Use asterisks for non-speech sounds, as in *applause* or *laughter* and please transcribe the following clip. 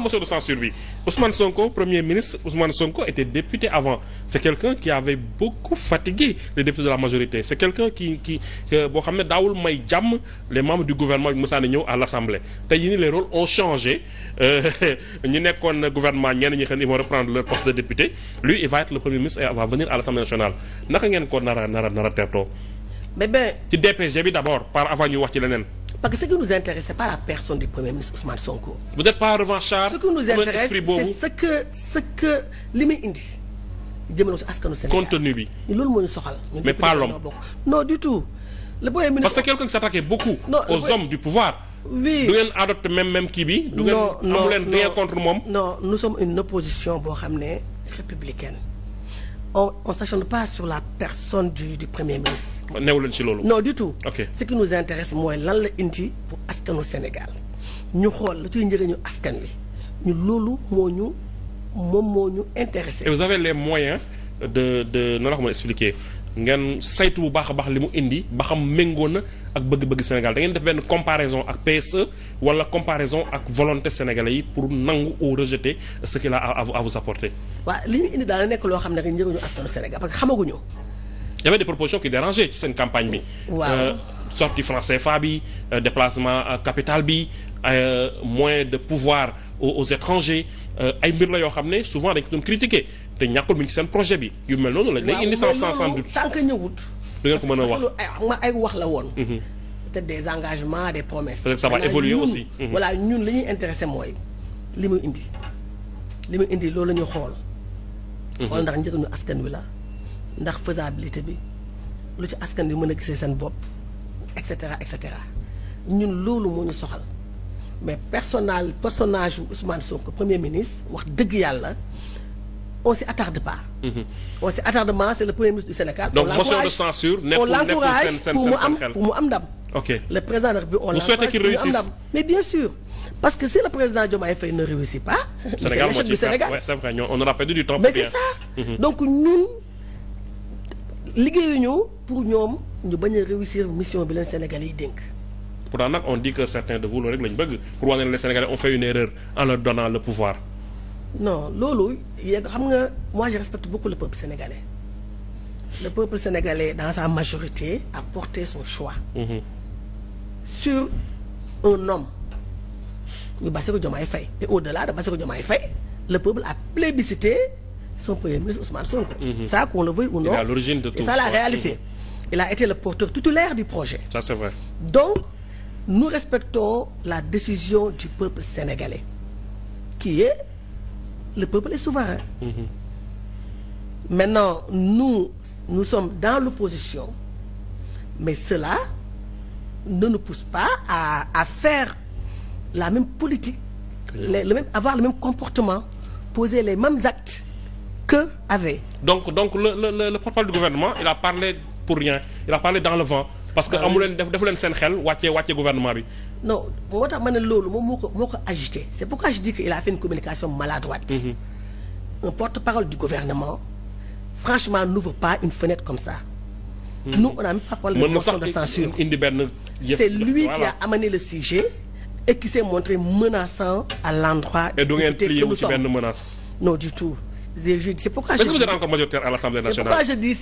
motion de censure bi Ousmane Sonko premier ministre Ousmane Sonko était député avant c'est quelqu'un qui avait beaucoup fatigué les députés de la majorité c'est quelqu'un qui boo xam ne daawul may jàmm les membres du gouvernement bi ñëw à l'Assemblée tey yi les rôles ont changé euh, *laughs* ñu nekkoon gouvernement ñenn ñi xam ils vont reprendre leur poste de député lui il va être le premier ministre et va venir à l'Assemblée nationale naka ngeen ko nar a nar a a teertoo ci parce que ce qui nous intéresse c'est pas la personne du premier ministre Ousmane Sonko. vous n'êtes pas revanchard. ce qui nous intéresse c'est ce que ce que li muy indi. jëmale ko askanu Sénégal contenu bi. loolu moo soxal. mais pas l'homme non du tout. le premier ministre parce que quelqu'un qui s'attaquait beaucoup. Non, aux premier... hommes du pouvoir. oui du ngeen adopté même même kii bi. du ngeen amu leen rien contre moom. non nous sommes une opposition boo xam ne républicaine. on on s'acharne pas sur la personne du premier ministre. newu leen ci loolu. non du tout. ok ce qui nous intéresse mooy lan la indi pour askanu Sénégal ñu xool la ciy njëriñu askan wi ñu loolu moo ñu moom moo ñu intéressé. et vous avez les moyens de de nan la ko mën expliquer. ngeen saytu bu baax a baax li mu indi ba xam méngoo na ak bëgg-bëgg Sénégal da ngeen def benn comparaison ak PSE wala comparaison ak volonté sénégalais yi pour nangu ou rejeter ce qu'il a à à vous apporter. waaw li ñu indi daal nekk loo xam ne rek njëriñu askanu Sénégal parce que xamaguñu. y avait des propositions qui ci seen campagne bi. waaw euh, sortie franc CFA bi euh, déplacement euh, capital bi moyen de pouvoir aux étrangers ay mbir la yoo xam ne souvent dañ ko doon te ñàkkul mu ngi seen projet bi yu mel noonu lañ lay indi sans sans doute tant que ñëwut du ngeen ko mën a wax ay wax la woon mhm. te des engagements des promesses peut-être ça va évoluer aussi mhm. voilà ñun li ñuy intéressé mooy li muy indi li muy indi loolu la xool mhm. xool ndax njëriñu askan wi la ndax faisabilité bi lu ci askan wi mën a gisee seen bopp et cetera et cetera ñun loolu moo ñu soxal mais personnel personnage wu Ousmane Sonko premier ministre wax dëgg yàlla on s'y attarde pas. Mhm. on s'y attarde pas c'est le premier ministre du Sénégal. donc motion de censure nekkul pour mu am pour ok le président la République on l'encourage pour si le président Diomaye pas. *laughs* c'est vrai on n'aura pas du temps. mais c'est ça mhm. donc ñun liggéeyuñu pour ñoom ñu bañ a réussir mission bi leen Sénégalais yi dénk. pourtant nag on dit que certains de vous loolu rek lañ bëgg pour wane ne les Sénégalais fait une erreur en leur donnant le pouvoir. non loolu yéeg xam nga moi je respecte beaucoup le peuple sénégalais le peuple sénégalais dans sa majorité a porté son choix mhm. sur un homme muy Bassirou Diomaye Faye et au-delà de Bassirou Diomaye Faye le peuple a plébiscité son premier ministre Ousmane Sonko mmh. ça qu'on le veuille ou non ça la réalité il a été le porteur tutélaire du projet donc nous respectons la décision du peuple sénégalais qui est le peuple est souverain. Mmh. Maintenant, nous, sommes dans l'opposition, mais cela ne nous pousse pas à, à faire la même politique, les, le même, avoir le même comportement, poser les mêmes actes que avait. Donc, donc le, le, le, le porte-parole du gouvernement, il a parlé pour rien, il a parlé dans le vent. parce que ah amu leen def defu leen seen xel wàcce wàcce gouvernement bi. non moo tax ma ne loolu moom moo ko moo ko agité c'est pourquoi je dis que a fait une communication maladroite. Mm -hmm. un porte-parole du gouvernement franchement n'ouvre pas une fenêtre comme ça. Mhm. nous on a même pas parlé de censure indi benn c'est lui voilà. qui a amené le sujet. et qui s'est montré menaçant à l'endroit. et du ngeen plié wu ci benn menace. non du tout. je je c'est à l'Assemblée